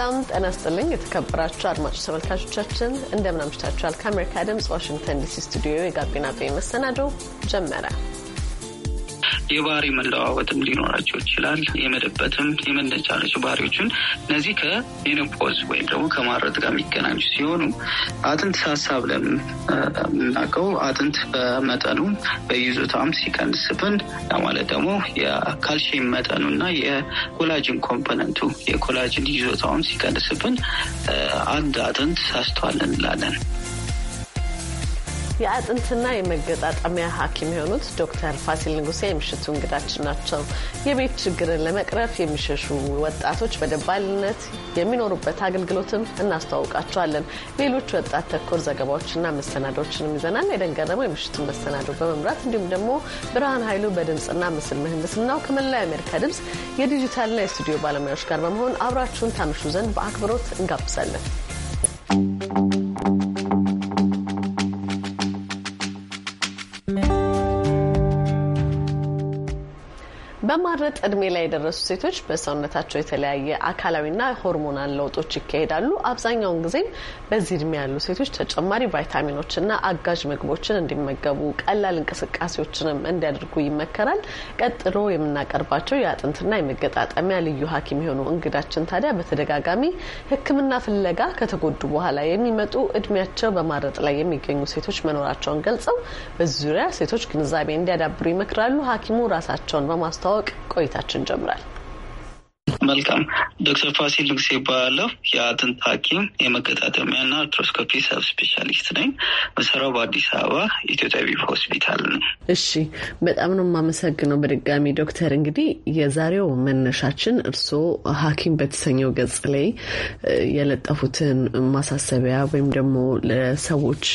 ሰላም ጤና ይስጥልኝ። የተከበራችሁ አድማጭ ተመልካቾቻችን እንደምን አምሽታችኋል? ከአሜሪካ ድምጽ ዋሽንግተን ዲሲ ስቱዲዮ የጋቢና ቤ መሰናዶ ጀመረ። የባህሪ መለዋወጥም ሊኖራቸው ይችላል። የመደበትም የመነጫነጭ ባህሪዎችን እነዚህ ከሜኖፖዝ ወይም ደግሞ ከማረጥ ጋር የሚገናኙ ሲሆኑ አጥንት ሳሳ ብለን የምናቀው አጥንት በመጠኑ በይዞታም ሲቀንስብን ማለት ደግሞ የካልሽየም መጠኑና የኮላጅን ኮምፖነንቱ የኮላጅን ይዞታውን ሲቀንስብን አንድ አጥንት ሳስተዋል እንላለን። የአጥንትና የመገጣጠሚያ ሐኪም የሆኑት ዶክተር ፋሲል ንጉሴ የምሽቱ እንግዳችን ናቸው። የቤት ችግርን ለመቅረፍ የሚሸሹ ወጣቶች በደባልነት የሚኖሩበት አገልግሎትም እናስተዋውቃቸዋለን። ሌሎች ወጣት ተኮር ዘገባዎችና መሰናዶችንም ይዘናል። የደንገረመው የምሽቱን መሰናዶ በመምራት እንዲሁም ደግሞ ብርሃን ኃይሉ በድምፅና ምስል ምህንድስናው ከመላው የአሜሪካ ድምፅ የዲጂታልና የስቱዲዮ ባለሙያዎች ጋር በመሆን አብራችሁን ታምሹ ዘንድ በአክብሮት እንጋብዛለን። በማረጥ እድሜ ላይ የደረሱ ሴቶች በሰውነታቸው የተለያየ አካላዊና ሆርሞናል ለውጦች ይካሄዳሉ። አብዛኛውን ጊዜም በዚህ እድሜ ያሉ ሴቶች ተጨማሪ ቫይታሚኖችና አጋዥ ምግቦችን እንዲመገቡ፣ ቀላል እንቅስቃሴዎችንም እንዲያደርጉ ይመከራል። ቀጥሎ የምናቀርባቸው የአጥንትና የመገጣጠሚያ ልዩ ሐኪም የሆኑ እንግዳችን ታዲያ በተደጋጋሚ ሕክምና ፍለጋ ከተጎዱ በኋላ የሚመጡ እድሜያቸው በማረጥ ላይ የሚገኙ ሴቶች መኖራቸውን ገልጸው በዚ ዙሪያ ሴቶች ግንዛቤ እንዲያዳብሩ ይመክራሉ። ሐኪሙ ራሳቸውን በማስተዋወቅ በማስተዋወቅ ቆይታችን ጀምራል። መልካም። ዶክተር ፋሲል ንግስ ይባላለሁ። የአጥንት ሐኪም የመገጣጠሚያና አርትሮስኮፒ ሰብ ስፔሻሊስት ነኝ። መሰራው በአዲስ አበባ ኢትዮ ቢፍ ሆስፒታል ነው። እሺ፣ በጣም ነው የማመሰግነው በድጋሚ ዶክተር። እንግዲህ የዛሬው መነሻችን እርስዎ ሀኪም በተሰኘው ገጽ ላይ የለጠፉትን ማሳሰቢያ ወይም ደግሞ ለሰዎች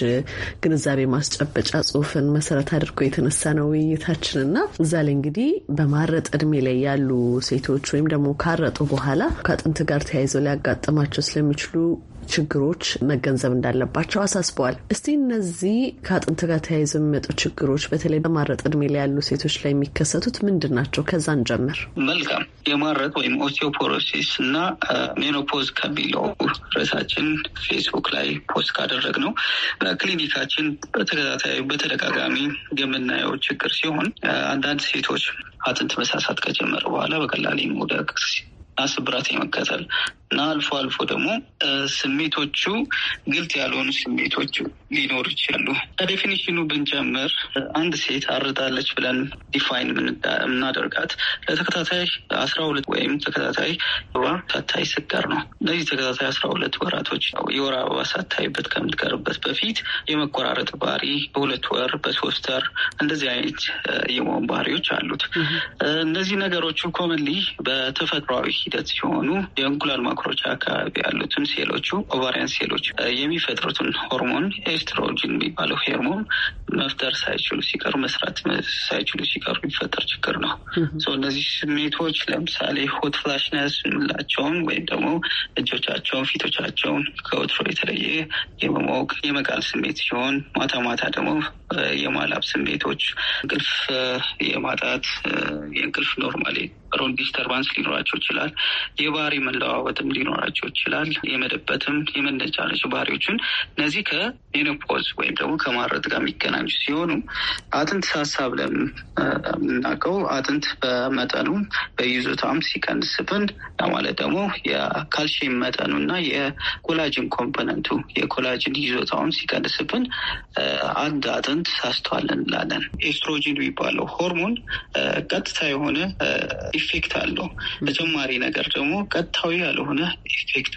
ግንዛቤ ማስጨበጫ ጽሁፍን መሰረት አድርጎ የተነሳ ነው ውይይታችን ና እዛ ላይ እንግዲህ በማረጥ እድሜ ላይ ያሉ ሴቶች ወይም ደግሞ ካረ ከተመረጡ በኋላ ከአጥንት ጋር ተያይዘው ሊያጋጥማቸው ስለሚችሉ ችግሮች መገንዘብ እንዳለባቸው አሳስበዋል። እስቲ እነዚህ ከአጥንት ጋር ተያይዘው የሚመጡ ችግሮች በተለይ በማረጥ እድሜ ላይ ያሉ ሴቶች ላይ የሚከሰቱት ምንድን ናቸው? ከዛን እንጀምር። መልካም የማረጥ ወይም ኦስቲዮፖሮሲስ እና ሜኖፖዝ ከሚለው ርዕሳችን ፌስቡክ ላይ ፖስት ካደረግ ነው በክሊኒካችን በተከታታይ በተደጋጋሚ የምናየው ችግር ሲሆን አንዳንድ ሴቶች አጥንት መሳሳት ከጀመረ በኋላ በቀላል መውደቅ እና ስብራት የመከተል እና አልፎ አልፎ ደግሞ ስሜቶቹ ግልጽ ያልሆኑ ስሜቶቹ ሊኖሩ ይችላሉ። ከዴፊኒሽኑ ብንጀምር አንድ ሴት አርዳለች ብለን ዲፋይን የምናደርጋት ለተከታታይ አስራ ሁለት ወይም ተከታታይ ወር ሳታይ ስትቀር ነው። እነዚህ ተከታታይ አስራ ሁለት ወራቶች ነው የወር አበባ ሳታይበት ከምትቀርበት በፊት የመቆራረጥ ባህሪ በሁለት ወር፣ በሶስት ወር እንደዚህ አይነት የመሆን ባህሪዎች አሉት። እነዚህ ነገሮቹ ኮመንሊ በተፈጥሯዊ ሂደት ሲሆኑ የእንቁላል ማክሮቻ አካባቢ ያሉትን ሴሎቹ ኦቫሪያን ሴሎች የሚፈጥሩትን ሆርሞን ኤስትሮጅን የሚባለው ሆርሞን መፍጠር ሳይችሉ ሲቀሩ መስራት ሳይችሉ ሲቀሩ የሚፈጠር ችግር ነው። እነዚህ ስሜቶች ለምሳሌ ሆት ፍላሽነስ የምንላቸውን ወይም ደግሞ እጆቻቸውን፣ ፊቶቻቸውን ከወትሮ የተለየ የመሞቅ የመቃል ስሜት ሲሆን ማታ ማታ ደግሞ የማላብ ስሜቶች፣ እንቅልፍ የማጣት የእንቅልፍ ኖርማሊ ሮን ዲስተርባንስ ሊኖራቸው ይችላል። የባህሪ መለዋወጥም ሊኖራቸው ይችላል። የመደበትም የመነጫነጭ ባህሪዎችን እነዚህ ከሜኖፖዝ ወይም ደግሞ ከማረጥ ጋር የሚገናኙ ሲሆኑ አጥንት ብለን የምናውቀው አጥንት በመጠኑ በይዞታም ሲቀንስብን ማለት ደግሞ የካልሽየም መጠኑ እና የኮላጅን ኮምፖነንቱ የኮላጅን ይዞታውን ሲቀንስብን አንድ አጥንት ተሳስተዋል እንላለን። ኤስትሮጂን የሚባለው ሆርሞን ቀጥታ የሆነ ኢፌክት አለው። ተጨማሪ ነገር ደግሞ ቀጥታዊ ያልሆነ ኢፌክቱ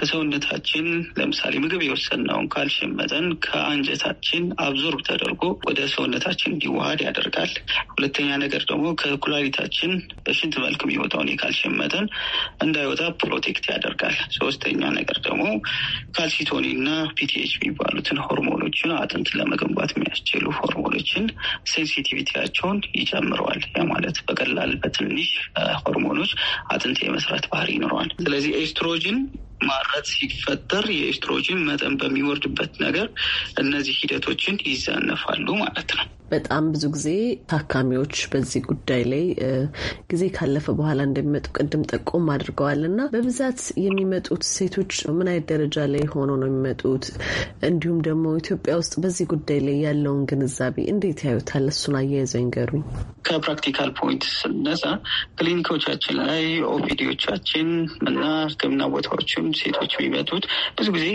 ከሰውነታችን ለምሳሌ ምግብ የወሰድነውን ካልሽየም መጠን ከአንጀታችን አብዞርብ ተደርጎ ወደ ሰውነታችን እንዲዋሃድ ያደርጋል። ሁለተኛ ነገር ደግሞ ከኩላሊታችን በሽንት መልክ የሚወጣውን የካልሽየም መጠን እንዳይወጣ ፕሮቴክት ያደርጋል። ሶስተኛ ነገር ደግሞ ካልሲቶኒ እና ፒቲኤች የሚባሉትን ሆርሞኖችን አጥንት ለመገንባት የሚያስችሉ ሆርሞኖችን ሴንሲቲቪቲያቸውን ይጨምረዋል። ያ ማለት በቀላል በትንሽ ሆርሞኖች አጥንት የመስራት ባህሪ ይኖረዋል። ስለዚህ ኤስትሮጅን ማረት ሲፈጠር የኤስትሮጅን መጠን በሚወርድበት ነገር እነዚህ ሂደቶችን ይዛነፋሉ ማለት ነው። በጣም ብዙ ጊዜ ታካሚዎች በዚህ ጉዳይ ላይ ጊዜ ካለፈ በኋላ እንደሚመጡ ቅድም ጠቆም አድርገዋል እና በብዛት የሚመጡት ሴቶች ምን አይነት ደረጃ ላይ ሆኖ ነው የሚመጡት? እንዲሁም ደግሞ ኢትዮጵያ ውስጥ በዚህ ጉዳይ ላይ ያለውን ግንዛቤ እንዴት ያዩታል? እሱን አያይዘው ይንገሩኝ። ከፕራክቲካል ፖይንት ስነሳ ክሊኒኮቻችን ላይ ኦፒዲዎቻችን እና ሕክምና ቦታዎችም ሴቶች የሚመጡት ብዙ ጊዜ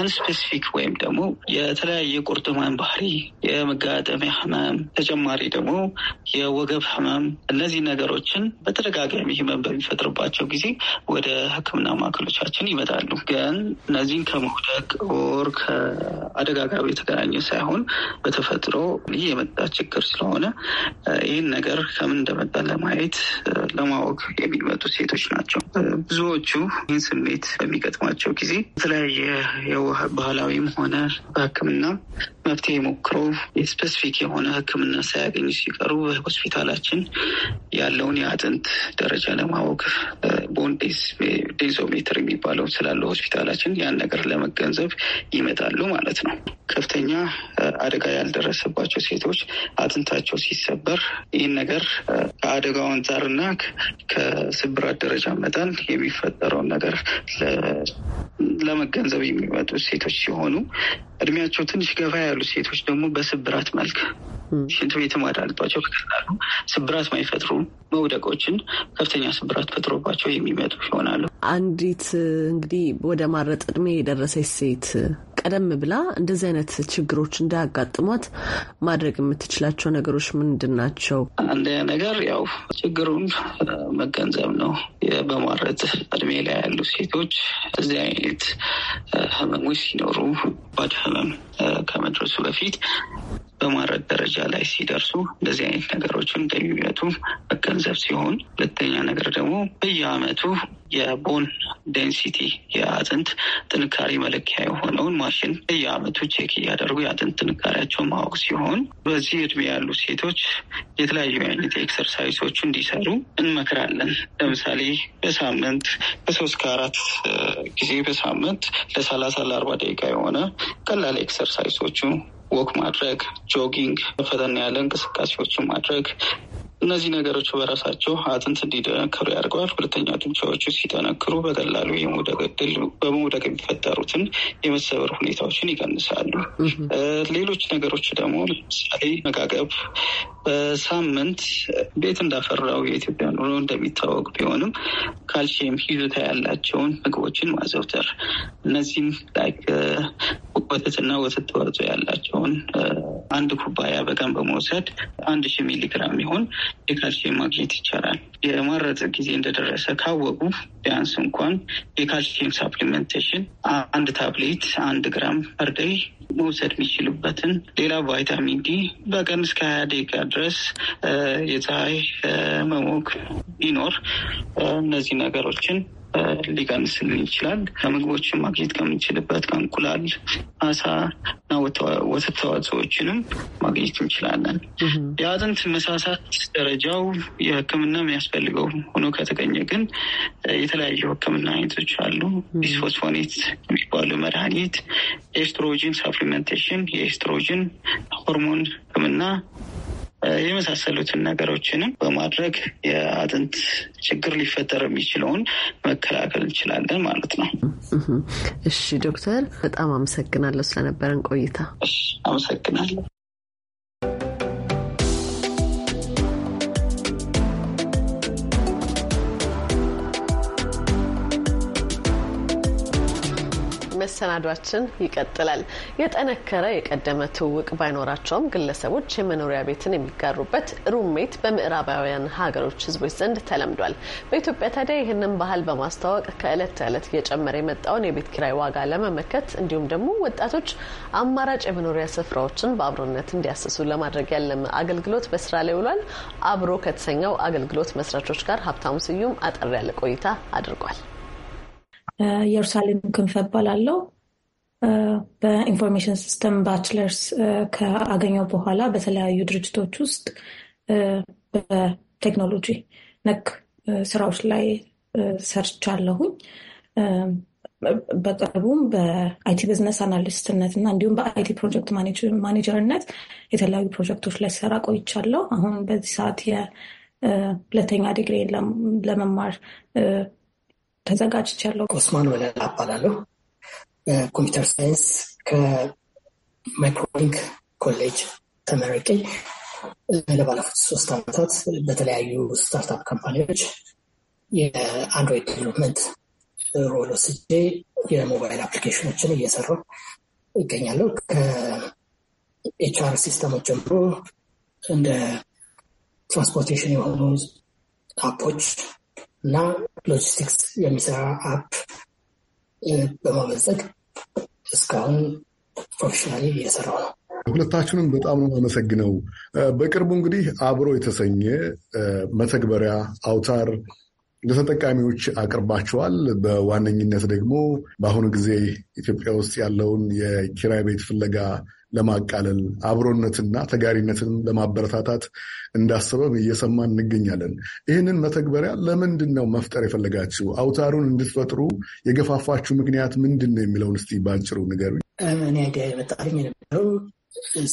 አንስፔሲፊክ ወይም ደግሞ የተለያየ ቁርጥማን ባህሪ የመጋጠሚያ ተጨማሪ ደግሞ የወገብ ህመም፣ እነዚህ ነገሮችን በተደጋጋሚ ህመም በሚፈጥርባቸው ጊዜ ወደ ህክምና ማዕከሎቻችን ይመጣሉ። ግን እነዚህን ከመውደቅ ወር ከአደጋ ጋር የተገናኘ ሳይሆን በተፈጥሮ ይህ የመጣ ችግር ስለሆነ ይህን ነገር ከምን እንደመጣ ለማየት ለማወቅ የሚመጡ ሴቶች ናቸው። ብዙዎቹ ይህን ስሜት በሚገጥማቸው ጊዜ የተለያየ ባህላዊም ሆነ በህክምና መፍትሄ ሞክረው ስፔሲፊክ የሆነ ሕክምና ሳያገኙ ሲቀሩ በሆስፒታላችን ያለውን የአጥንት ደረጃ ለማወቅ ቦን ዴንሶሜትር የሚባለው ስላለው ሆስፒታላችን ያን ነገር ለመገንዘብ ይመጣሉ ማለት ነው። ከፍተኛ አደጋ ያልደረሰባቸው ሴቶች አጥንታቸው ሲሰበር ይህን ነገር ከአደጋው አንጻርና ከስብራት ደረጃ መጠን የሚፈጠረውን ነገር ለመገንዘብ የሚመጡ ሴቶች ሲሆኑ እድሜያቸው ትንሽ ገፋ ያሉ ሴቶች ደግሞ በስብራት መልክ ሽንት ቤት አዳልጧቸው ከቀላሉ ስብራት ማይፈጥሩ መውደቆችን ከፍተኛ ስብራት ፈጥሮባቸው የሚመጡ ይሆናሉ። አንዲት እንግዲህ ወደ ማረጥ እድሜ የደረሰች ሴት ቀደም ብላ እንደዚህ አይነት ችግሮች እንዳያጋጥሟት ማድረግ የምትችላቸው ነገሮች ምንድን ናቸው? አንድ ነገር ያው ችግሩን መገንዘብ ነው። በማረጥ እድሜ ላይ ያሉ ሴቶች እዚህ አይነት ህመሞች ሲኖሩ ባድ ህመም ከመድረሱ በፊት በማድረግ ደረጃ ላይ ሲደርሱ እንደዚህ አይነት ነገሮችን እንደሚመቱ መገንዘብ ሲሆን፣ ሁለተኛ ነገር ደግሞ በየአመቱ የቦን ዴንሲቲ የአጥንት ጥንካሬ መለኪያ የሆነውን ማሽን በየአመቱ ቼክ እያደረጉ የአጥንት ጥንካሬያቸው ማወቅ ሲሆን በዚህ እድሜ ያሉ ሴቶች የተለያዩ አይነት ኤክሰርሳይሶች እንዲሰሩ እንመክራለን። ለምሳሌ በሳምንት ከሶስት ከአራት ጊዜ በሳምንት ለሰላሳ ለአርባ ደቂቃ የሆነ ቀላል ኤክሰርሳይሶቹ ወክ ማድረግ፣ ጆጊንግ፣ ፈጠን ያለ እንቅስቃሴዎችን ማድረግ እነዚህ ነገሮች በራሳቸው አጥንት እንዲጠነክሩ ያደርገዋል። ሁለተኛ ጡንቻዎቹ ሲጠነክሩ በቀላሉ የመውደቅ እድል በመውደቅ የሚፈጠሩትን የመሰበር ሁኔታዎችን ይቀንሳሉ። ሌሎች ነገሮች ደግሞ ለምሳሌ መጋገብ በሳምንት ቤት እንዳፈራው የኢትዮጵያ ኑሮ እንደሚታወቅ ቢሆንም ካልሽየም ይዞታ ያላቸውን ምግቦችን ማዘውተር እነዚህም ላይ ወተትና ወተት ተዋጽኦ ያላቸውን አንድ ኩባያ በቀን በመውሰድ አንድ ሺህ ሚሊግራም ይሆን የካልሽየም ማግኘት ይቻላል። የማረጥ ጊዜ እንደደረሰ ካወቁ ቢያንስ እንኳን የካልሽየም ሳፕሊሜንቴሽን አንድ ታብሌት አንድ ግራም ፐርደይ መውሰድ የሚችሉበትን ሌላ ቫይታሚን ዲ በቀን እስከ ሀያ ደቂቃ ድረስ የፀሐይ መሞቅ ቢኖር እነዚህ ነገሮችን ሊቀንስልን ይችላል። ከምግቦችን ማግኘት ከምንችልበት ከእንቁላል፣ አሳ እና ወተት ተዋጽዎችንም ማግኘት እንችላለን። የአጥንት መሳሳት ደረጃው የሕክምና የሚያስፈልገው ሆኖ ከተገኘ ግን የተለያዩ ሕክምና አይነቶች አሉ። ቢስፎስፎኔት የሚባሉ መድኃኒት፣ ኤስትሮጂን ሳፕሊመንቴሽን፣ የኤስትሮጂን ሆርሞን ሕክምና የመሳሰሉትን ነገሮችንም በማድረግ የአጥንት ችግር ሊፈጠር የሚችለውን መከላከል እንችላለን ማለት ነው። እሺ ዶክተር፣ በጣም አመሰግናለሁ ስለነበረን ቆይታ። አመሰግናለሁ። መሰናዷችን ይቀጥላል። የጠነከረ የቀደመ ትውውቅ ባይኖራቸውም ግለሰቦች የመኖሪያ ቤትን የሚጋሩበት ሩሜት በምዕራባውያን ሀገሮች ህዝቦች ዘንድ ተለምዷል። በኢትዮጵያ ታዲያ ይህንን ባህል በማስተዋወቅ ከእለት ተዕለት እየጨመረ የመጣውን የቤት ኪራይ ዋጋ ለመመከት እንዲሁም ደግሞ ወጣቶች አማራጭ የመኖሪያ ስፍራዎችን በአብሮነት እንዲያስሱ ለማድረግ ያለ አገልግሎት በስራ ላይ ውሏል። አብሮ ከተሰኘው አገልግሎት መስራቾች ጋር ሀብታሙ ስዩም አጠር ያለ ቆይታ አድርጓል። ኢየሩሳሌም ክንፈ እባላለሁ። በኢንፎርሜሽን ሲስተም ባችለርስ ከአገኘው በኋላ በተለያዩ ድርጅቶች ውስጥ በቴክኖሎጂ ነክ ስራዎች ላይ ሰርቻለሁኝ። በቅርቡም በአይቲ ብዝነስ አናሊስትነት እና እንዲሁም በአይቲ ፕሮጀክት ማኔጀርነት የተለያዩ ፕሮጀክቶች ላይ ሰራ ቆይቻለሁ። አሁን በዚህ ሰዓት የሁለተኛ ዲግሪ ለመማር ተዘጋጅቻለሁ። ኦስማን ወለላ እባላለሁ። በኮምፒውተር ሳይንስ ከማይክሮሊንክ ኮሌጅ ተመርቄ ለባለፉት ሶስት ዓመታት በተለያዩ ስታርታፕ ካምፓኒዎች የአንድሮይድ ዴቨሎፕመንት ሮል ወስጄ የሞባይል አፕሊኬሽኖችን እየሰራሁ ይገኛለሁ። ከኤችአር ሲስተሞች ጀምሮ እንደ ትራንስፖርቴሽን የሆኑ አፖች እና ሎጂስቲክስ የሚሰራ አፕ በማመፀግ እስካሁን ፕሮፌሽናሊ እየሰራው ነው። ሁለታችሁንም በጣም ነው አመሰግነው። በቅርቡ እንግዲህ አብሮ የተሰኘ መተግበሪያ አውታር ለተጠቃሚዎች አቅርባቸዋል። በዋነኝነት ደግሞ በአሁኑ ጊዜ ኢትዮጵያ ውስጥ ያለውን የኪራይ ቤት ፍለጋ ለማቃለል አብሮነትና ተጋሪነትን ለማበረታታት እንዳሰበም እየሰማን እንገኛለን። ይህንን መተግበሪያ ለምንድን ነው መፍጠር የፈለጋችሁ? አውታሩን እንድትፈጥሩ የገፋፋችሁ ምክንያት ምንድን ነው የሚለውን እስቲ በአጭሩ ንገሩኝ። እኔ የነበረው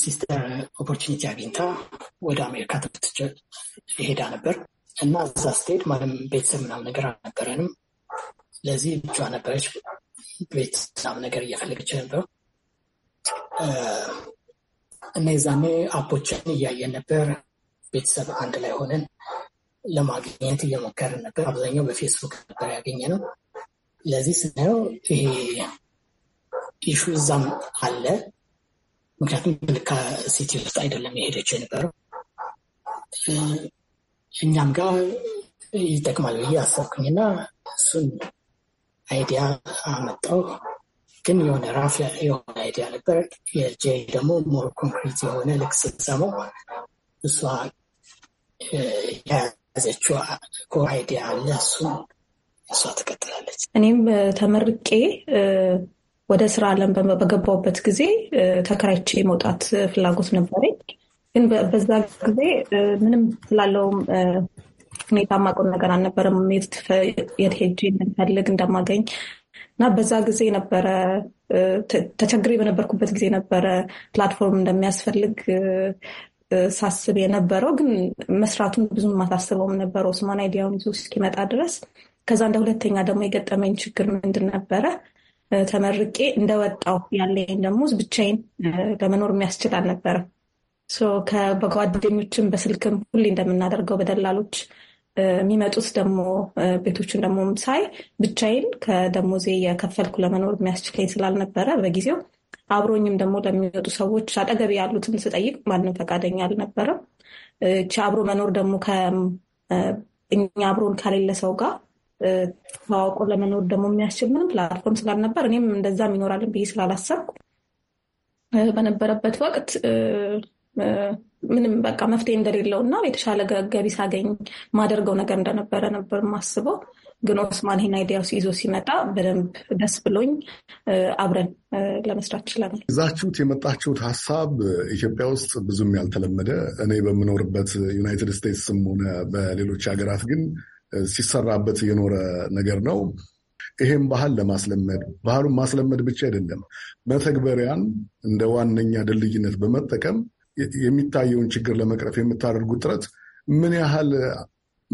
ሲስተር ኦፖርቹኒቲ አግኝታ ወደ አሜሪካ ትምህርት ይሄዳ ነበር እና እዛ ስትሄድ ማንም ቤተሰብ ምናምን ነገር አልነበረንም። ስለዚህ ብቻ ነበረች። ቤት ምናምን ነገር እየፈለገች ነበር እና የዛኔ አፖችን እያየን ነበር። ቤተሰብ አንድ ላይ ሆነን ለማግኘት እየሞከርን ነበር። አብዛኛው በፌስቡክ ነበር ያገኘ ነው። ለዚህ ስናየው ይሄ ኢሹ እዛም አለ። ምክንያቱም ልካ ሲቲ ውስጥ አይደለም የሄደችው የነበረው እኛም ጋር ይጠቅማል ብዬ አሰብኩኝና እሱን አይዲያ አመጣው። ግን የሆነ ራፍ የሆነ አይዲያ ነበር። የጄ ደግሞ ሞር ኮንክሪት የሆነ ልክ ስትሰማው እሷ የያዘችው ኮ አይዲያ አለ። እሱን እሷ ትቀጥላለች። እኔም ተመርቄ ወደ ስራ አለም በገባውበት ጊዜ ተከራይቼ መውጣት ፍላጎት ነበረኝ። ግን በዛ ጊዜ ምንም ስላለውም ሁኔታ ማቆም ነገር አልነበረም። ሜት የት ሄጄ እንደማገኝ እና በዛ ጊዜ ነበረ ተቸግሬ በነበርኩበት ጊዜ ነበረ ፕላትፎርም እንደሚያስፈልግ ሳስብ የነበረው ግን መስራቱን ብዙም ማሳስበውም ነበረ ስማን አይዲያውን ይዞ እስኪመጣ ድረስ። ከዛ እንደ ሁለተኛ ደግሞ የገጠመኝ ችግር ምንድን ነበረ? ተመርቄ እንደወጣው ያለኝ ደግሞ ብቻዬን ለመኖር የሚያስችል አልነበረም። ከጓደኞችም በስልክም ሁሌ እንደምናደርገው በደላሎች የሚመጡት ደግሞ ቤቶችን ደግሞ ሳይ ብቻዬን ከደሞዜ የከፈልኩ ለመኖር የሚያስችለኝ ስላልነበረ በጊዜው አብሮኝም ደግሞ ለሚመጡ ሰዎች አጠገብ ያሉትን ስጠይቅ ማንም ፈቃደኛ አልነበረም። እቺ አብሮ መኖር ደግሞ እኛ አብሮን ከሌለ ሰው ጋር ተዋውቆ ለመኖር ደግሞ የሚያስችል ምንም ፕላትፎርም ስላልነበር እኔም እንደዛም ይኖራልን ብዬ ስላላሰብኩ በነበረበት ወቅት ምንም በቃ መፍትሄ እንደሌለው እና የተሻለ ገቢ ሳገኝ ማደርገው ነገር እንደነበረ ነበር ማስበው። ግን ኦስማን ይሄን አይዲያ ይዞ ሲመጣ በደንብ ደስ ብሎኝ አብረን ለመስራት ችለናል። ይዛችሁት የመጣችሁት ሀሳብ ኢትዮጵያ ውስጥ ብዙም ያልተለመደ እኔ በምኖርበት ዩናይትድ ስቴትስም ሆነ በሌሎች ሀገራት ግን ሲሰራበት የኖረ ነገር ነው። ይሄም ባህል ለማስለመድ ባህሉን ማስለመድ ብቻ አይደለም፣ መተግበሪያን እንደ ዋነኛ ድልድይነት በመጠቀም የሚታየውን ችግር ለመቅረፍ የምታደርጉት ጥረት ምን ያህል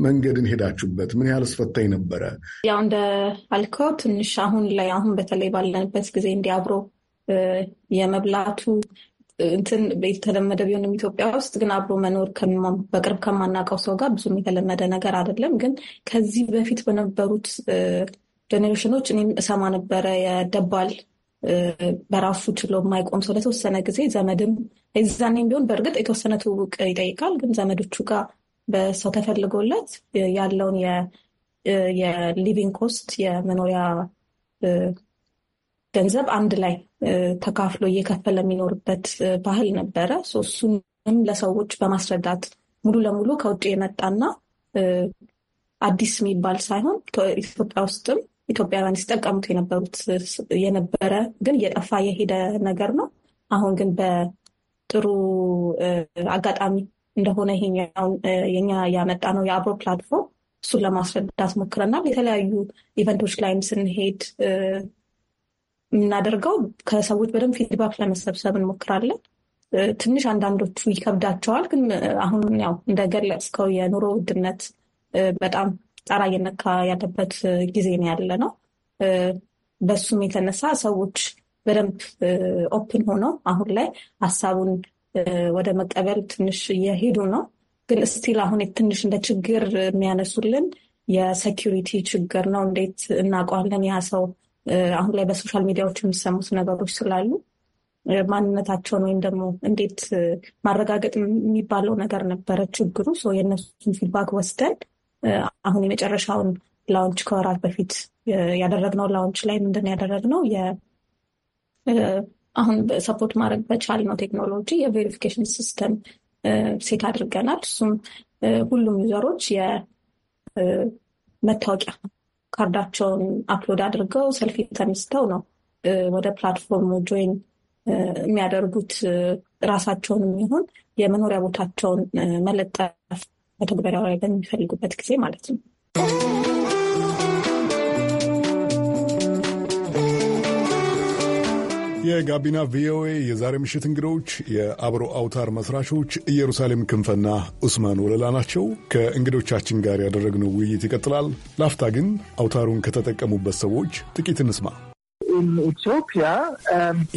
መንገድን ሄዳችሁበት? ምን ያህል አስፈታኝ ነበረ? ያው እንደ አልከው ትንሽ አሁን ላይ አሁን በተለይ ባለንበት ጊዜ እንዲያብሮ አብሮ የመብላቱ እንትን የተለመደ ቢሆንም ኢትዮጵያ ውስጥ ግን አብሮ መኖር በቅርብ ከማናውቀው ሰው ጋር ብዙም የተለመደ ነገር አይደለም። ግን ከዚህ በፊት በነበሩት ጀኔሬሽኖች እኔም እሰማ ነበረ የደባል በራሱ ችሎ የማይቆም ሰው ለተወሰነ ጊዜ ዘመድም የዛኔም ቢሆን በእርግጥ የተወሰነ ትውውቅ ይጠይቃል። ግን ዘመዶቹ ጋር በሰው ተፈልጎለት ያለውን የሊቪንግ ኮስት የመኖሪያ ገንዘብ አንድ ላይ ተካፍሎ እየከፈለ የሚኖርበት ባህል ነበረ። እሱንም ለሰዎች በማስረዳት ሙሉ ለሙሉ ከውጭ የመጣና አዲስ የሚባል ሳይሆን ኢትዮጵያ ውስጥም ኢትዮጵያውያን ሲጠቀሙት የነበሩት የነበረ ግን እየጠፋ የሄደ ነገር ነው። አሁን ግን በጥሩ አጋጣሚ እንደሆነ ኛ የኛ ያመጣ ነው የአብሮ ፕላትፎርም እሱን ለማስረዳት ሞክረናል። የተለያዩ ኢቨንቶች ላይም ስንሄድ የምናደርገው ከሰዎች በደንብ ፊድባክ ለመሰብሰብ እንሞክራለን። ትንሽ አንዳንዶቹ ይከብዳቸዋል፣ ግን አሁን ያው እንደገለጽከው የኑሮ ውድነት በጣም ጣራ እየነካ ያለበት ጊዜ ነው ያለ ነው። በሱም የተነሳ ሰዎች በደንብ ኦፕን ሆነው አሁን ላይ ሀሳቡን ወደ መቀበል ትንሽ እየሄዱ ነው። ግን እስቲል አሁን ትንሽ እንደ ችግር የሚያነሱልን የሴኪሪቲ ችግር ነው። እንዴት እናውቀዋለን ያ ሰው አሁን ላይ በሶሻል ሚዲያዎች የሚሰሙት ነገሮች ስላሉ ማንነታቸውን ወይም ደግሞ እንዴት ማረጋገጥ የሚባለው ነገር ነበረ ችግሩ። የእነሱን ፊድባክ ወስደን አሁን የመጨረሻውን ላውንች ከወራት በፊት ያደረግነው ላውንች ላይ ምንድን ያደረግነው አሁን ሰፖርት ማድረግ በቻል ነው ቴክኖሎጂ የቬሪፊኬሽን ሲስተም ሴት አድርገናል። እሱም ሁሉም ዩዘሮች የመታወቂያ ካርዳቸውን አፕሎድ አድርገው ሰልፊ ተነስተው ነው ወደ ፕላትፎርሙ ጆይን የሚያደርጉት። ራሳቸውንም ይሁን የመኖሪያ ቦታቸውን መለጠፍ መተግበሪያው ላይ በሚፈልጉበት ጊዜ ማለት ነው። የጋቢና ቪኦኤ የዛሬ ምሽት እንግዶች የአብሮ አውታር መስራቾች ኢየሩሳሌም ክንፈና ኡስማን ወለላ ናቸው። ከእንግዶቻችን ጋር ያደረግነው ውይይት ይቀጥላል። ላፍታ ግን አውታሩን ከተጠቀሙበት ሰዎች ጥቂት እንስማ። Um,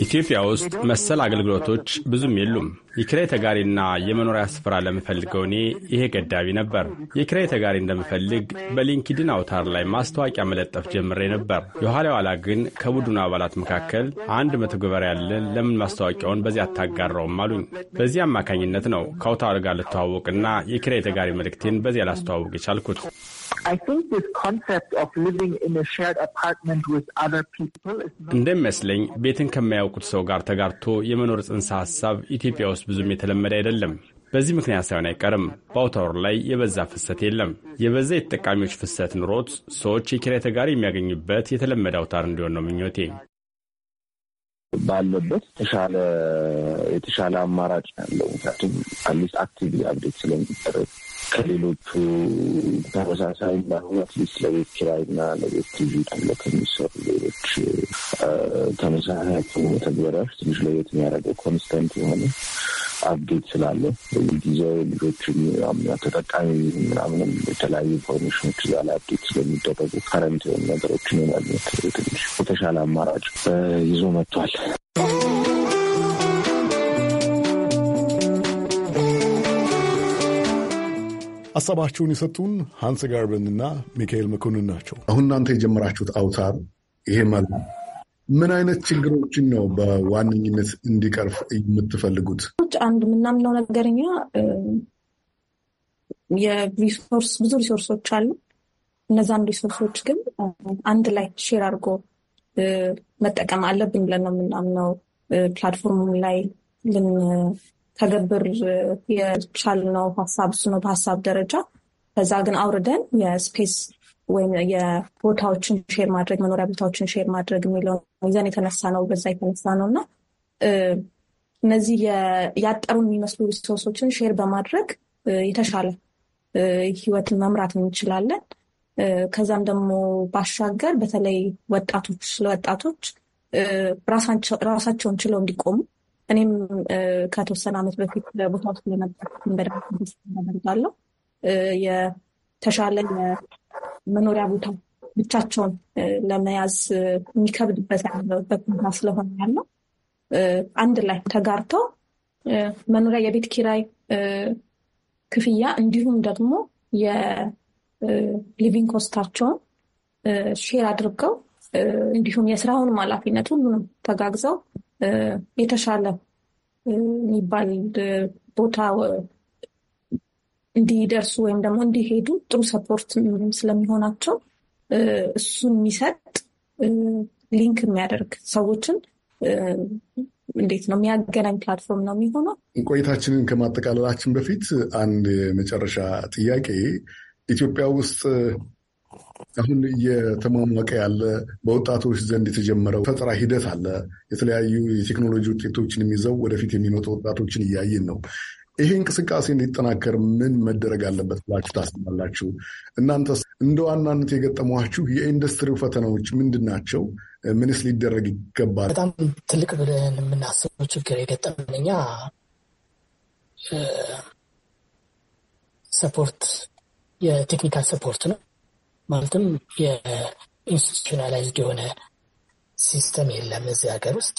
ኢትዮጵያ ውስጥ መሰል አገልግሎቶች ብዙም የሉም። የኪራይ ተጋሪና የመኖሪያ ስፍራ ለምፈልገው እኔ ይሄ ገዳቢ ነበር። የኪራይ ተጋሪ እንደምፈልግ በሊንክድን አውታር ላይ ማስታወቂያ መለጠፍ ጀምሬ ነበር። የኋላ ኋላ ግን ከቡድኑ አባላት መካከል አንድ መተግበሪያ ያለን ለምን ማስታወቂያውን በዚህ አታጋራውም አሉኝ። በዚህ አማካኝነት ነው ከአውታር ጋር ልተዋወቅና የኪራይ ተጋሪ መልእክቴን በዚህ ላስተዋውቅ የቻልኩት። እንደሚመስለኝ ቤትን ከማያውቁት ሰው ጋር ተጋርቶ የመኖር ጽንሰ ሀሳብ ኢትዮጵያ ውስጥ ብዙም የተለመደ አይደለም። በዚህ ምክንያት ሳይሆን አይቀርም በአውታወር ላይ የበዛ ፍሰት የለም። የበዛ የተጠቃሚዎች ፍሰት ኑሮት ሰዎች የኪራይ ተጋሪ የሚያገኙበት የተለመደ አውታር እንዲሆን ነው ምኞቴ። ባለበት የተሻለ አማራጭ ያለው ምክንያቱም አትሊስት አክቲቭ አብዴት ስለሚደረግ ከሌሎቹ ተመሳሳይ ባይሆኑ አትሊስት ለቤት ኪራይና ለቤት ቲቪ ተብሎ ከሚሰሩ ሌሎች ተመሳሳይ መተግበሪያዎች ትንሽ ለቤት የሚያደርገው ኮንስተንት የሆነ አፕዴት ስላለ ጊዜ ልጆችን ተጠቃሚ ምናምንም የተለያዩ ኢንፎርሜሽኖች እዛ ላይ አፕዴት ስለሚደረጉ ከረንት የሆኑ ነገሮችን የማግኘት ትንሽ የተሻለ አማራጭ ይዞ መጥቷል። ሀሳባቸውን የሰጡን ሀንስ ጋርበንና ሚካኤል መኮንን ናቸው። አሁን እናንተ የጀመራችሁት አውታር ይሄ መልኩ ምን አይነት ችግሮችን ነው በዋነኝነት እንዲቀርፍ የምትፈልጉት? አንድ የምናምነው ነገርኛ የሪሶርስ ብዙ ሪሶርሶች አሉ። እነዛን ሪሶርሶች ግን አንድ ላይ ሼር አድርጎ መጠቀም አለብን ብለን ነው የምናምነው። ፕላትፎርሙ ላይ ተገብር የቻልነው ሀሳብ እሱ ነው በሀሳብ ደረጃ። ከዛ ግን አውርደን የስፔስ ወይም የቦታዎችን ሼር ማድረግ መኖሪያ ቦታዎችን ሼር ማድረግ የሚለውን ይዘን የተነሳ ነው በዛ የተነሳ ነው እና እነዚህ ያጠሩን የሚመስሉ ሪሶርሶችን ሼር በማድረግ የተሻለ ህይወትን መምራት እንችላለን። ከዛም ደግሞ ባሻገር በተለይ ወጣቶች ስለወጣቶች ራሳቸውን ችለው እንዲቆሙ እኔም ከተወሰነ ዓመት በፊት በቦታው ስለነበርኩኝ በደንብ የተሻለ መኖሪያ ቦታ ብቻቸውን ለመያዝ የሚከብድበት ያለበት ቦታ ስለሆነ ያለው አንድ ላይ ተጋርተው መኖሪያ የቤት ኪራይ ክፍያ እንዲሁም ደግሞ የሊቪንግ ኮስታቸውን ሼር አድርገው እንዲሁም የስራውን ኃላፊነት ሁሉንም ተጋግዘው የተሻለ የሚባል ቦታ እንዲደርሱ ወይም ደግሞ እንዲሄዱ ጥሩ ሰፖርት ስለሚሆናቸው እሱን የሚሰጥ ሊንክ የሚያደርግ ሰዎችን እንዴት ነው የሚያገናኝ ፕላትፎርም ነው የሚሆነው። ቆይታችንን ከማጠቃለላችን በፊት አንድ የመጨረሻ ጥያቄ ኢትዮጵያ ውስጥ አሁን እየተሟሟቀ ያለ በወጣቶች ዘንድ የተጀመረው ፈጠራ ሂደት አለ። የተለያዩ የቴክኖሎጂ ውጤቶችን የሚይዘው ወደፊት የሚመጡ ወጣቶችን እያየን ነው። ይሄ እንቅስቃሴ እንዲጠናከር ምን መደረግ አለበት ብላችሁ ታስባላችሁ? እናንተ እንደ ዋናነት የገጠሟችሁ የኢንዱስትሪው ፈተናዎች ምንድን ናቸው? ምንስ ሊደረግ ይገባል? በጣም ትልቅ ብለን የምናስበው ችግር የገጠመኛ ሰፖርት የቴክኒካል ሰፖርት ነው። ማለትም የኢንስቲቱሽናላይዝድ የሆነ ሲስተም የለም እዚህ ሀገር ውስጥ።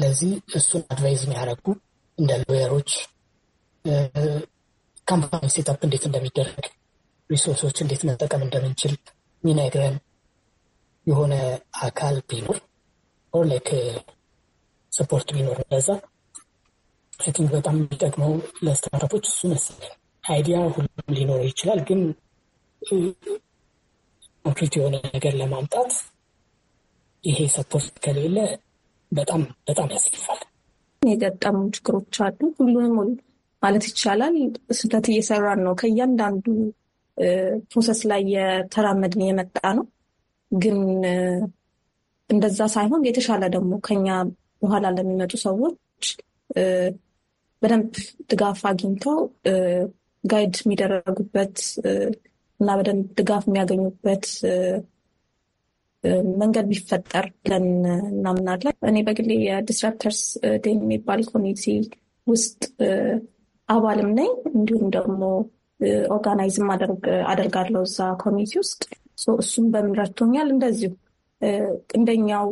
ለዚህ እሱን አድቫይዝ የሚያደርጉ እንደ ሎየሮች ካምፓኒ ሴታፕ እንዴት እንደሚደረግ ሪሶርሶች እንዴት መጠቀም እንደምንችል ሚነግረን የሆነ አካል ቢኖር ኦር ላይክ ሰፖርት ቢኖር እንደዛ አይ ቲንክ በጣም የሚጠቅመው ለስታርታፖች እሱ መሰለኝ። አይዲያ ሁሉም ሊኖር ይችላል፣ ግን ኮንክሪት የሆነ ነገር ለማምጣት ይሄ ሰፖርት ከሌለ በጣም በጣም ያስፋል። የገጠሙ ችግሮች አሉ። ሁሉንም ማለት ይቻላል ስህተት እየሰራን ነው። ከእያንዳንዱ ፕሮሰስ ላይ የተራመድን የመጣ ነው። ግን እንደዛ ሳይሆን የተሻለ ደግሞ ከኛ በኋላ ለሚመጡ ሰዎች በደንብ ድጋፍ አግኝተው ጋይድ የሚደረጉበት እና በደንብ ድጋፍ የሚያገኙበት መንገድ ቢፈጠር ብለን እናምናለን። እኔ በግሌ የዲስራፕተርስ ዴ የሚባል ኮሚኒቲ ውስጥ አባልም ነኝ። እንዲሁም ደግሞ ኦርጋናይዝም አደርጋለሁ እዛ ኮሚኒቲ ውስጥ እሱም ረድቶኛል እንደዚሁ እንደኛው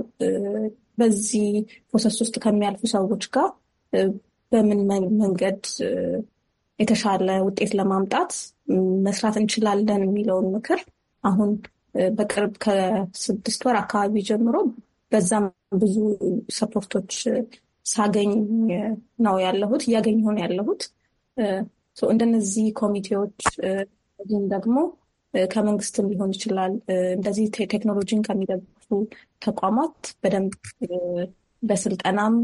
በዚህ ፕሮሰስ ውስጥ ከሚያልፉ ሰዎች ጋር በምን መንገድ የተሻለ ውጤት ለማምጣት መስራት እንችላለን የሚለውን ምክር አሁን በቅርብ ከስድስት ወር አካባቢ ጀምሮ በዛም ብዙ ሰፖርቶች ሳገኝ ነው ያለሁት እያገኝ ሆን ያለሁት እንደነዚህ ኮሚቴዎች እዚህም ደግሞ ከመንግስትም ሊሆን ይችላል እንደዚህ ቴክኖሎጂን ከሚደግፉ ተቋማት በደንብ በስልጠናም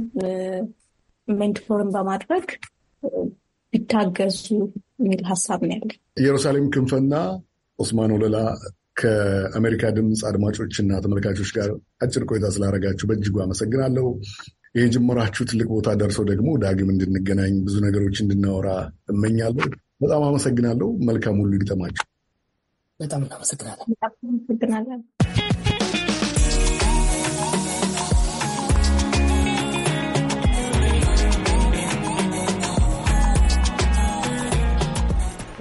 ሜንትፎርም በማድረግ ቢታገዙ የሚል ሀሳብ ነው ያለ። ኢየሩሳሌም ክንፈና ኦስማን ወለላ ከአሜሪካ ድምፅ አድማጮች እና ተመልካቾች ጋር አጭር ቆይታ ስላደረጋችሁ በእጅጉ አመሰግናለሁ። ጅምራችሁ ትልቅ ቦታ ደርሶ ደግሞ ዳግም እንድንገናኝ ብዙ ነገሮች እንድናወራ እመኛለሁ። በጣም አመሰግናለሁ። መልካም ሁሉ ይግጠማችሁ። በጣም እናመሰግናለን።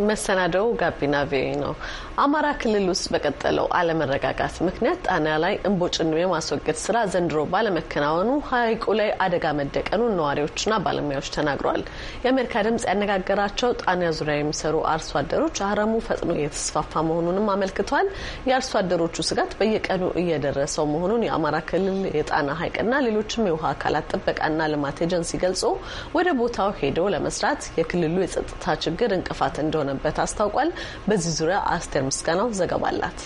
መሰናደው ጋቢና ቪኦኤ ነው። አማራ ክልል ውስጥ በቀጠለው አለመረጋጋት ምክንያት ጣና ላይ እንቦጭን የማስወገድ ስራ ዘንድሮ ባለመከናወኑ ሀይቁ ላይ አደጋ መደቀኑን ነዋሪዎችና ባለሙያዎች ተናግረዋል። የአሜሪካ ድምጽ ያነጋገራቸው ጣና ዙሪያ የሚሰሩ አርሶ አደሮች አረሙ ፈጥኖ እየተስፋፋ መሆኑንም አመልክተዋል። የአርሶ አደሮቹ ስጋት በየቀኑ እየደረሰው መሆኑን የአማራ ክልል የጣና ሐይቅና ሌሎችም የውሃ አካላት ጥበቃና ልማት ኤጀንሲ ገልጾ ወደ ቦታው ሄደው ለመስራት የክልሉ የጸጥታ ችግር እንቅፋት እንደሆነበት አስታውቋል። በዚህ ዙሪያ አስቴር ምስጋናው ዘገባ አላት።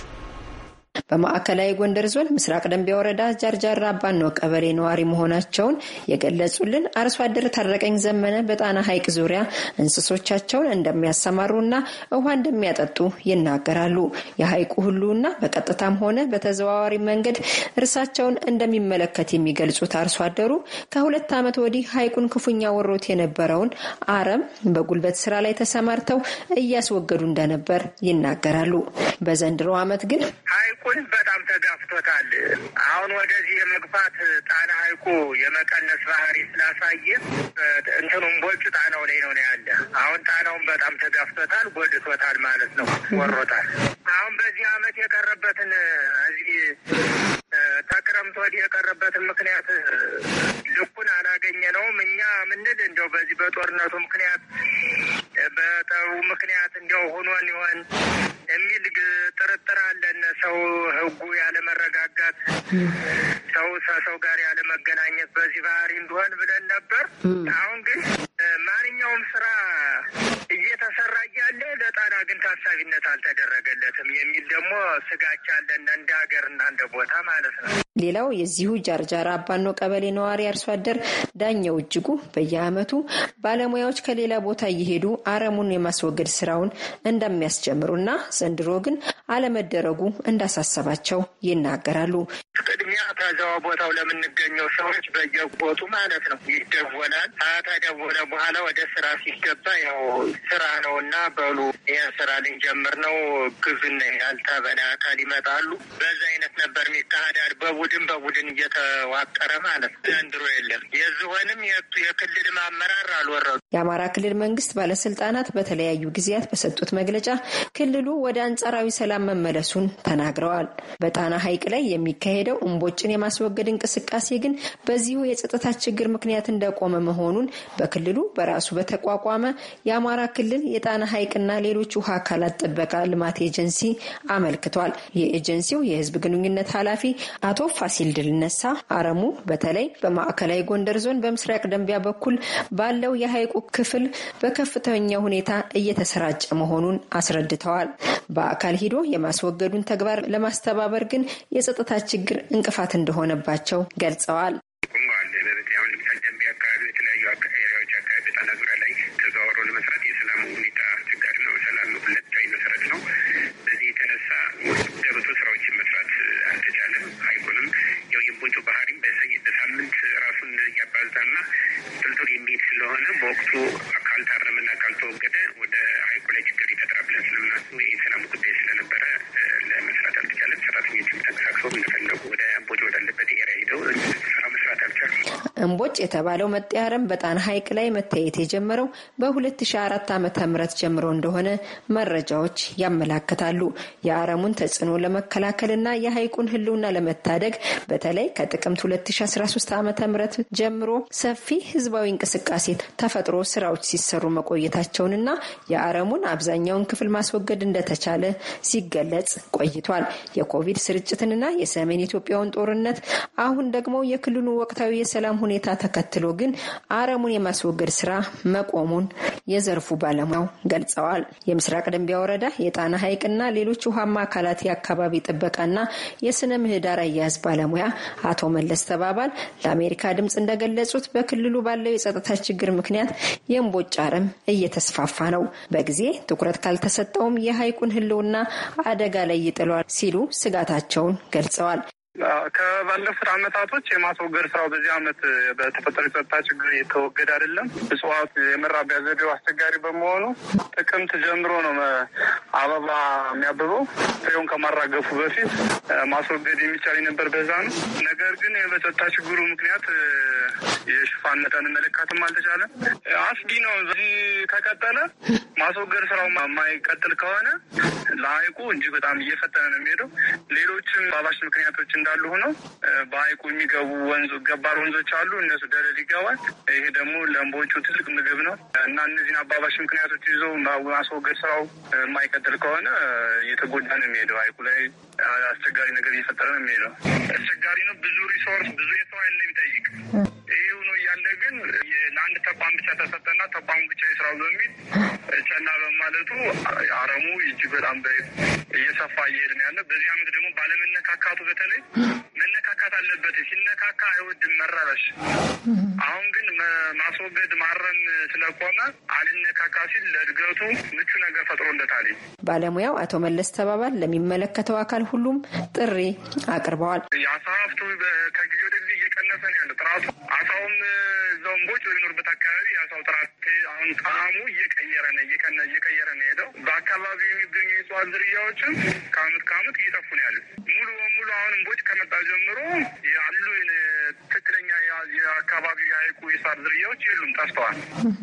በማዕከላዊ ጎንደር ዞን ምስራቅ ደንቢያ ወረዳ ጃርጃራ አባኖ ቀበሌ ነዋሪ መሆናቸውን የገለጹልን አርሶ አደር ታረቀኝ ዘመነ በጣና ሐይቅ ዙሪያ እንስሶቻቸውን እንደሚያሰማሩና ውሃ እንደሚያጠጡ ይናገራሉ። የሐይቁ ሁሉና በቀጥታም ሆነ በተዘዋዋሪ መንገድ እርሳቸውን እንደሚመለከት የሚገልጹት አርሶ አደሩ ከሁለት ዓመት ወዲህ ሐይቁን ክፉኛ ወሮት የነበረውን አረም በጉልበት ስራ ላይ ተሰማርተው እያስወገዱ እንደነበር ይናገራሉ። በዘንድሮ ዓመት ግን ሐይቁ ሐይቁን በጣም ተጋፍቶታል። አሁን ወደዚህ የመግፋት ጣና ሀይቁ የመቀነስ ባህሪ ስላሳየ እንትኑም ቦጭ ጣናው ላይ ነው ያለ። አሁን ጣናውን በጣም ተጋፍቶታል፣ ጎድቶታል ማለት ነው፣ ወሮታል። አሁን በዚህ አመት የቀረበትን እዚህ ተክረምት ወዲህ የቀረበትን ምክንያት ልኩን አላገኘ ነውም። እኛ ምንል እንደው በዚህ በጦርነቱ ምክንያት በጠሩ ምክንያት እንዲያው ሆኗን ይሆን የሚል ጥርጥር አለን። ሰው ህጉ ያለመረጋጋት፣ ሰው ሰሰው ጋር ያለመገናኘት በዚህ ባህሪ እንዲሆን ብለን ነበር። አሁን ግን ማንኛውም ስራ እየተሰራ እያለ ለጣና ግን ታሳቢነት አልተደረገለትም የሚል ደግሞ ስጋቻ አለን እንደ ሀገርና እንደ ቦታ ማለት ነው። ሌላው የዚሁ ጃርጃራ አባኖ ቀበሌ ነዋሪ አርሶ አደር ዳኛው እጅጉ በየዓመቱ ባለሙያዎች ከሌላ ቦታ እየሄዱ አረሙን የማስወገድ ስራውን እንደሚያስጀምሩና ዘንድሮ ግን አለመደረጉ እንዳሳሰባቸው ይናገራሉ። ቅድሚያ ከዛው ቦታው ለምንገኘው ሰዎች በየቦቱ ማለት ነው ይደወላል። ከተደወለ በኋላ ወደ ስራ ሲገባ ያው ስራ ነው እና በሉ ይህን ስራ ልንጀምር ነው ግዙን ያልተበለ አካል ይመጣሉ። በዛ አይነት ነበር የሚካሄዳል በቡ ቡድን በቡድን እየተዋቀረ ማለት ዘንድሮ የለም። የዝሆንም የክልልም አመራር አልወረዱ። የአማራ ክልል መንግስት ባለስልጣናት በተለያዩ ጊዜያት በሰጡት መግለጫ ክልሉ ወደ አንጻራዊ ሰላም መመለሱን ተናግረዋል። በጣና ሐይቅ ላይ የሚካሄደው እምቦጭን የማስወገድ እንቅስቃሴ ግን በዚሁ የጸጥታ ችግር ምክንያት እንደቆመ መሆኑን በክልሉ በራሱ በተቋቋመ የአማራ ክልል የጣና ሐይቅና ሌሎች ውሃ አካላት ጥበቃ ልማት ኤጀንሲ አመልክቷል። የኤጀንሲው የህዝብ ግንኙነት ኃላፊ አቶ ፋሲል ድል ነሳ አረሙ በተለይ በማዕከላዊ ጎንደር ዞን በምስራቅ ደንቢያ በኩል ባለው የሐይቁ ክፍል በከፍተኛ ሁኔታ እየተሰራጨ መሆኑን አስረድተዋል። በአካል ሂዶ የማስወገዱን ተግባር ለማስተባበር ግን የጸጥታ ችግር እንቅፋት እንደሆነባቸው ገልጸዋል። ተነሳና ስልቱ ሊምቢድ ስለሆነ በወቅቱ ካልታረመና ካልተወገደ ወደ ሀይቁ ላይ ችግር ይፈጥራል ብለን ስለምናስቡ የሰላም ጉዳይ ስለነበረ ለመስራት አልተቻለም። ሰራተኞችም ተንቀሳቅሰው እምቦጭ የተባለው አረም በጣና ሐይቅ ላይ መታየት የጀመረው በ2004 ዓ ም ጀምሮ እንደሆነ መረጃዎች ያመላክታሉ። የአረሙን ተጽዕኖ ለመከላከልና የሐይቁን ህልውና ለመታደግ በተለይ ከጥቅምት 2013 ዓ ም ጀምሮ ሰፊ ህዝባዊ እንቅስቃሴ ተፈጥሮ ስራዎች ሲሰሩ መቆየታቸውንና የአረሙን አብዛኛውን ክፍል ማስወገድ እንደተቻለ ሲገለጽ ቆይቷል። የኮቪድ ስርጭትንና የሰሜን ኢትዮጵያውን ጦርነት አሁን ደግሞ የክልሉ ወቅታዊ የሰላም ሁኔታ ሁኔታ ተከትሎ ግን አረሙን የማስወገድ ስራ መቆሙን የዘርፉ ባለሙያው ገልጸዋል። የምስራቅ ደንቢያ ወረዳ የጣና ሐይቅና ሌሎች ውሃማ አካላት የአካባቢ ጥበቃና የስነ ምህዳር አያያዝ ባለሙያ አቶ መለስ ተባባል ለአሜሪካ ድምፅ እንደገለጹት በክልሉ ባለው የጸጥታ ችግር ምክንያት የእምቦጭ አረም እየተስፋፋ ነው። በጊዜ ትኩረት ካልተሰጠውም የሐይቁን ህልውና አደጋ ላይ ይጥሏል ሲሉ ስጋታቸውን ገልጸዋል። ከባለፉት አመታቶች የማስወገድ ስራው በዚህ አመት በተፈጠረ የጸጥታ ችግር የተወገደ አይደለም። እጽዋት የመራቢያ ዘዴው አስቸጋሪ በመሆኑ ጥቅምት ጀምሮ ነው አበባ የሚያብበው። ፍሬውን ከማራገፉ በፊት ማስወገድ የሚቻል ነበር በዛ ነው። ነገር ግን በጸጥታ ችግሩ ምክንያት የሽፋን መጠን መለካትም አልተቻለም። አስጊ ነው። እዚህ ከቀጠለ ማስወገድ ስራው የማይቀጥል ከሆነ ለሀይቁ እጅግ በጣም እየፈጠነ ነው የሚሄደው። ሌሎችም ባባሽ ምክንያቶች እንዳሉ ሆኖ በሀይቁ የሚገቡ ወንዞ ገባር ወንዞች አሉ። እነሱ ደለል ይገባል። ይሄ ደግሞ ለእምቦቹ ትልቅ ምግብ ነው እና እነዚህን አባባሽ ምክንያቶች ይዞ ማስወገድ ስራው የማይቀጥል ከሆነ እየተጎዳ ነው የሚሄደው። ሀይቁ ላይ አስቸጋሪ ነገር እየፈጠረ ነው የሚሄደው። አስቸጋሪ ነው። ብዙ ሪሶርስ፣ ብዙ የሰው ኃይል ነው የሚጠይቅ። ይሄ ሆኖ እያለ ግን ለአንድ ተቋም ብቻ ተሰጠና ተቋሙ ብቻ የስራው በሚል ቸና በማለቱ አረሙ እጅግ በጣም በ እየሄድ ነው ያለ። በዚህ አመት ደግሞ ባለመነካካቱ በተለይ መነካካት አለበት። ሲነካካ አይወድም መረበሽ። አሁን ግን ማስወገድ ማረም ስለቆመ አልነካካ ሲል ለእድገቱ ምቹ ነገር ፈጥሮለታል። ባለሙያው አቶ መለስ ተባባል ለሚመለከተው አካል ሁሉም ጥሪ አቅርበዋል። የአሳ ሀብቱ ከጊዜ ወደ ጊዜ እየቀነሰ ነው ያለ ጥራቱ አሳውም ደንቦች በሚኖርበት አካባቢ የአሳው ጥራት አሁን ጣዕሙ እየቀየረ ነው እየቀየረ ነው ሄደው በአካባቢው የሚገኙ የእጽዋት ዝርያዎችም ከአመት ከአመት እየጠፉ ነው ያሉት። ሙሉ በሙሉ አሁን እምቦጭ ከመጣ ጀምሮ ያሉ ትክክለኛ የአካባቢ የሀይቁ የሳር ዝርያዎች የሉም፣ ጠፍተዋል።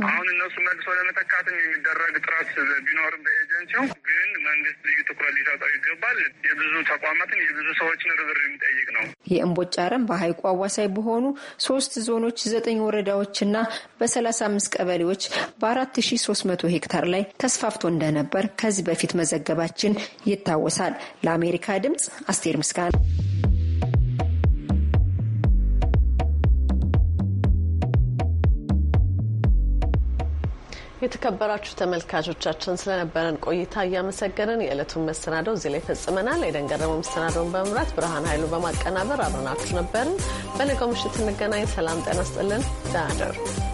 አሁን እነሱ መልሶ ለመተካትም የሚደረግ ጥረት ቢኖርም በኤጀንሲው ግን መንግስት ልዩ ትኩረት ሊሰጠው ይገባል። የብዙ ተቋማትን የብዙ ሰዎችን ርብር የሚጠይቅ ነው። የእምቦጭ አረም በሀይቁ አዋሳይ በሆኑ ሶስት ዞኖች ዘጠኝ ወረዳዎችና በሰላሳ አምስት ቀበሌዎች በአራት ሺ ሶስት መቶ ሄክታር ላይ ተስፋፍቶ እንደነበር ከዚህ በፊት መዘገባችን ይታወሳል። ለአሜሪካ ድምጽ አስቴር ምስጋና የተከበራችሁ ተመልካቾቻችን ስለነበረን ቆይታ እያመሰገንን የዕለቱን መሰናደው እዚህ ላይ ፈጽመናል። የደንገረመው መሰናደውን በመምራት ብርሃን ኃይሉ በማቀናበር አብረናችሁ ነበርን። በነገው ምሽት እንገናኝ። ሰላም ጤና ስጥልን። ደህና